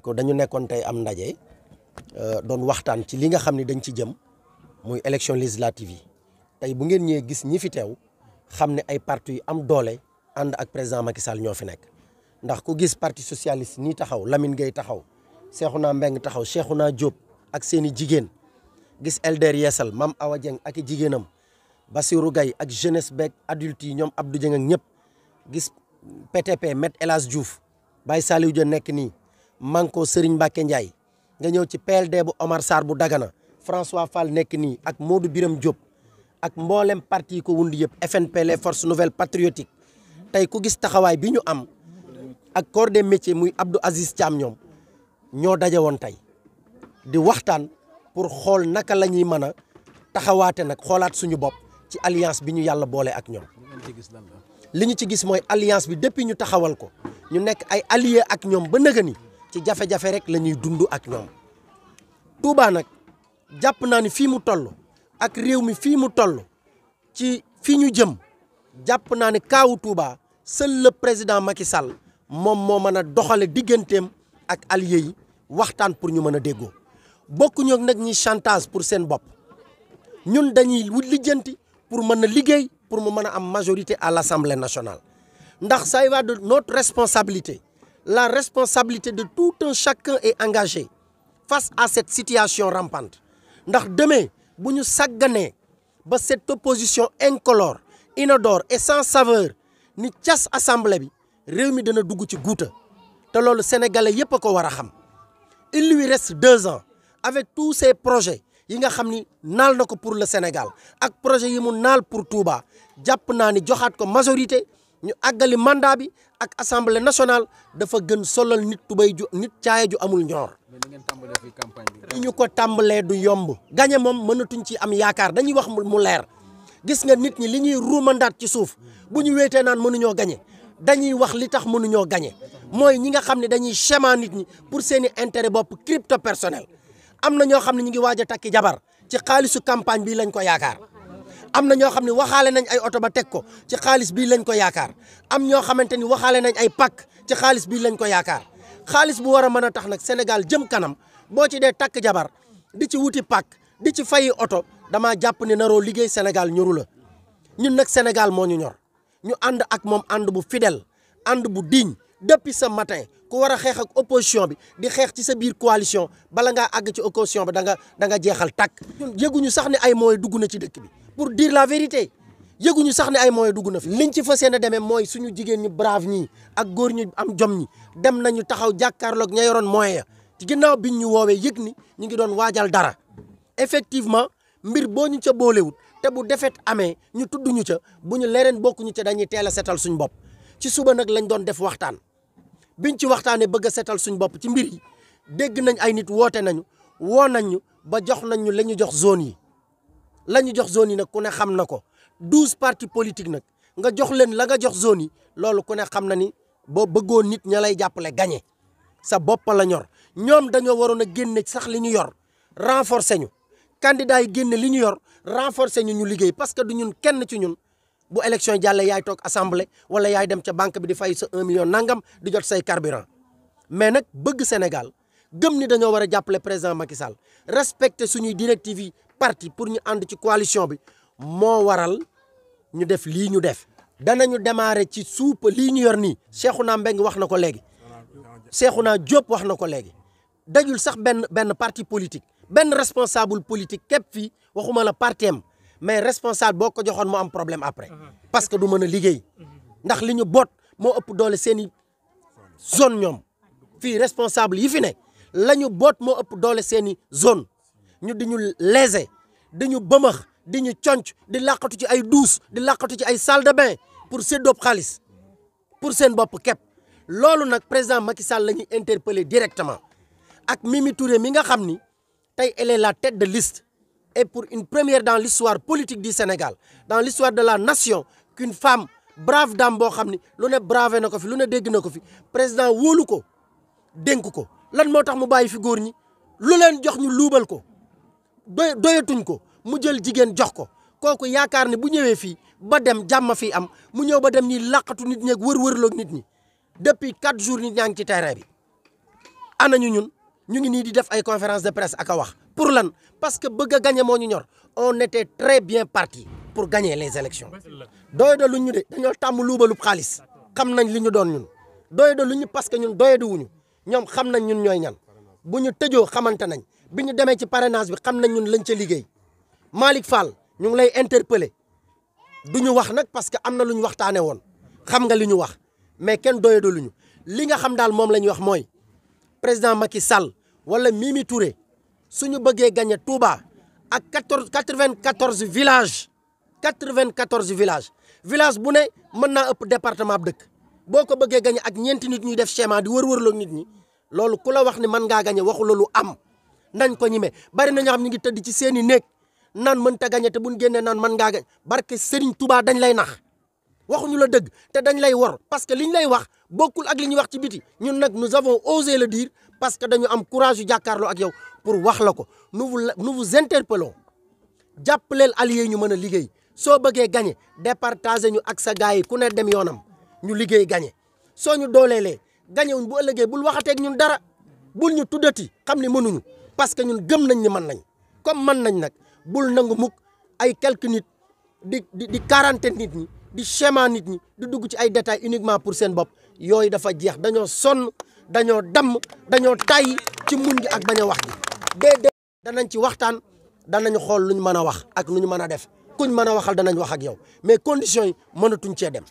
donc dañu nekkoon tey am ndaje euh, doon waxtaan ci li nga xam ni dañ ci jëm muy élection législative yi tey bu ngeen ñëwee gis ñi fi teew xam ne ay parti yu am doole ànd ak président Macky Sall ñoo fi nekk ndax ku gis parti socialiste nii taxaw Lamine Gueye taxaw Cheikhouna Mbengue taxaw seexu naa jóob ak seen i jigéen gis LDR Yeesal Mame Awa Dieng ak i jigéenam Bassirou Gaye ak jeunesse beeg adultes yi ñoom Abdou Dieng ak ñëpp gis PTP Maître El Hadj Diouf Baye Saliou nekk nii Manko Serigne Mbacke Ndiaye nga ñëw ci PLD bu Omar Sarr bu Dagana François Fall nekk nii ak Modou Biram Diop ak mboolem parti yi ko wund yëpp FNP les forces nouvelles patriotiques tey ku gis taxawaay bi ñu am ak corps des métiers muy Abdou Aziz Thiam ñoom ñoo daje woon tey di waxtaan pour xool naka lañuy ñuy mën a taxawaate nag xoolaat suñu bopp ci alliance bi ñu yàlla boole ak ñoom li ñu ci gis mooy alliance bi depuis ñu taxawal ko ñu nekk ay alliés ak ñoom ci jafe-jafe rek la ñuy dund ak ñoom Touba nag jàpp naa ni fii mu toll ak réew mi fii mu toll ci fii ñu jëm jàpp naa ni kaawu Touba seul le président Macky moom moo mën a doxale digganteem ak allié yi waxtaan pour ñu mën a déggoo bokkuñu nag ñi chantage pour seen bopp ñun dañuy wut lijjanti pour mën a liggéey pour mu mën a am majorité à l'Assemblée nationale ndax saa va de notre responsabilité la responsabilité de tout un chacun est engagée face à cette situation rampante ndax deme bu ñu sàgganee ba cette opposition incolore inodore et sans saveur ni cas assemblée bi réew mi dana dugg ci gouta te loolu sénégalais yépp a ko war a xam il lui reste deux ans avec tous ces projets yi nga xam ni naal na ko pour le Sénégal ak projet yi mu naal pour Touba jàpp naa ni joxaat ko majorité ñu àggali mandaa bi ak assemblée national dafa gën solal nit tubay ju nit caaya ju amul ñoor. li ñu ko tàmbalee du yomb. gañe moom mënatuñ ci am yaakaar dañuy wax mu leer gis nga nit ñi li ñuy ruumandaat ci suuf bu ñu wéetee naan mënuñoo gañe dañuy wax li tax mënuñoo gañe mooy ñi nga xam ne dañuy schéma nit ñi pour seen i intérêt bopp crypto personnel am na ñoo xam ne ñu ngi waaj a takki jabar ci xaalisu campagne bi lañ ko yaakaar. am na ñoo xam ne waxaale nañ ay oto ba teg ko ci xaalis bii lañ ko yaakaar am ñoo xamante ni waxaale nañ ay pàkk ci xaalis bii lañ ko yaakaar xaalis bu war a mën a tax nag senegal jëm kanam boo ci dee takk jabar di ci wuti pàkk di ci fayi oto damaa jàpp ne naroo liggéey senegal ñoru la ñun nag Sénégal moo ñu ñor ñu ànd ak moom ànd bu fidel ànd bu digne depuis ce matin ku war a xeex ak opposition bi di xeex ci sa biir coalition bala ngaa àgg ci opposition bi da nga da nga jeexal tàkk. ñun yëguñu sax ne ay mooy dugg na ci dëkk bi. pour dire la vérité yëguñu sax ne ay moyens dugg na fi liñ ci fas yéene demee mooy suñu jigéen ñu brave ñii ak góor ñu am jom ñi dem nañu taxaw jàkkaarloog ña yoroon moyens ya ci ginnaaw biñ ñu woowee yëg ni ñu ngi doon waajal dara effectivement mbir boo ñu ca boolewut te bu defet amee ñu tudd ñu ca bu ñu lereen bokk ñu ca dañuy teel a setal suñ bopp ci suba nag lañ doon def waxtaan biñ ci waxtaanee bëgg a setal suñ bopp ci mbir dégg nañ ay nit woote nañu woo nañ ba jox nañ ñu la ñu jox zone yi la ñu jox zone yi nag ku ne xam na ko douze parti politiques nag nga jox leen la nga jox zone yi loolu ku ne xam na ni boo bëggoon nit ña lay jàppale gañe sa bopp la ñor ñoom dañoo waroon a génne sax li ñu yor renforcer ñu candidats yi génne li ñu yor renforcer ñu ñu liggéey parce que du ñun kenn ci ñun bu élection jàlle yaay toog assemblée wala yaay dem ca banque bi di fay sa un million nangam di jot say carburant mais nag bëgg Sénégal gëm ni dañoo war a jàppale président Macky Sall suñuy directives yi parti pour ñu ànd ci coalition bi moo waral ñu def lii ñu def danañu démarrer ci suup lii ñu yor nii Cheikhouna Mbengue wax na ko léegi Cheikhouna Diop wax na ko léegi dajul sax benn benn parti politique benn responsable politique képp fii waxuma la parti mais responsable boo ko joxoon mu am problème après parce que du mën a liggéey ndax li ñu boot moo ëpp doole seeni zone ñoom fii responsable yi fi ne la ñu boot moo ëpp doole seeni zone ñu di ñu léser di ñu bëmax di ñu conc di làqatu ci ay douche di làqatu ci ay salle de bain pour séddoob xaalis pour seen bopp képp loolu nag président Macky Sall la ñuy interpeller directement ak Mimi Touré mi nga xam ni tey elle est la tet de liste et pour une première dans l'histoire politique du Sénégal dans l'histoire de la nation qu'une femme brave dame boo xam ni lu ne bravé na ko fi lu ne dégg na ko fi président wóolu ko dénk ko lan moo tax mu bàyyi fi góor ñi lu jox ñu luubal ko doy doyatuñ ko mu jël jigéen jox ko kooku yaakaar ne bu ñëwee fii ba dem jàmm fii am mu ñëw ba dem ñi làqatu nit ñeeg wër-wërloog nit ñi depuis quatre jours nit ñaa ci terrain bi ana ñu ñun ñu ngi nii di def ay conférence de presse ak wax pour lan parce que bëgg a moo ñu ñor on était très bien parti pour gagner les élections doy da lu ñu de dañoo tàmm luubalub xaalis xam nañ li ñu doon ñun doy da lu ñu parce que ñun doyadu wuñu ñoom xam nañ ñun ñooy ñan bu ñu tëjoo xamante nañ bi ñu demee ci parrainage bi xam nañ ñun lañ ca liggéey Malick Fall ñu ngi lay interpeller du ñu wax nag parce que am na lu ñu waxtaanee woon xam nga li ñu wax mais kenn doyado lu ñu li nga xam daal moom la ñuy wax mooy président Macky Sall wala Mimi Touré suñu bëggee gagné Touba ak quatorze quatre-vingt-quatorze village quatre-vingt-quatorze villages village bu ne mën naa ëpp département ab dëkk boo ko bëggee gagné ak ñeenti nit ñuy def schéma di wër-wërloo nit ñi loolu ku la wax ne mën ngaa gañe waxu loolu am nañ ko ñime bari na xam ñu ngi tëdd ci seen i néeg naan mënta gañe te buñ génnee naan man ngaa gañ barke Serigne Touba dañ lay nax waxuñu la dëgg te dañ lay wor parce que liñ lay wax bokkul ak li ñuy wax ci biti ñun nag nous avons osé le dire parce que dañu am courage yu jàkkaarloo ak yow pour wax la ko nous vous nous vous interpellons jàppaleel alliés ñu mën a liggéey soo bëggee gañe départager ñu ak sa gars yi ku ne dem yoonam ñu liggéey gañe soo ñu dooleelee gañewuñ bu ëllëgee bul waxateeg ñun dara bul ñu tuddati xam ne mënuñu parce que ñun gëm nañ ni man nañ comme man nañ nag bul nangu muk ay quelques nit di di di nit ñi di schéma nit ñi di dugg ci ay détails uniquement pour seen bopp yooyu dafa jeex dañoo sonn dañoo damm dañoo tàyyi ci muñ gi ak bañ a wax ji danañ ci waxtaan danañ xool lu ñu mën a wax ak lu ñu mën a def kuñ mën a waxal danañ wax ak yow mais conditions yi mënatuñ cee dem